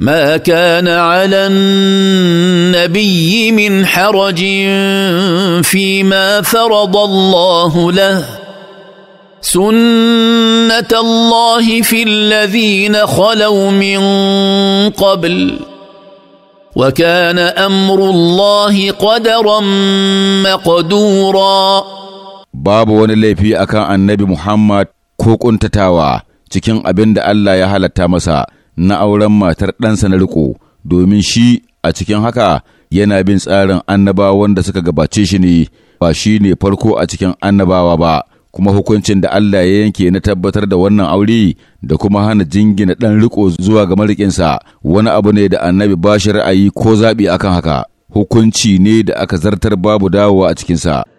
ما كان على النبي من حرج فيما فرض الله له سنه الله في الذين خلوا من قبل وكان امر الله قدرا مقدورا babu wani laifi akan annabi muhammad ko ƙuntatawa cikin abin da allah ya halatta masa na auren matar ɗansa na riko domin shi a cikin haka yana bin tsarin annabawa wanda suka gabace shi ne ba shi ne farko a cikin annabawa ba kuma hukuncin da Allah ya yanke na tabbatar da wannan aure da kuma hana jingina ɗan riko zuwa ga marikinsa wani abu ne da annabi ba shi ra'ayi ko zaɓi akan haka hukunci ne da aka zartar babu dawowa a cikinsa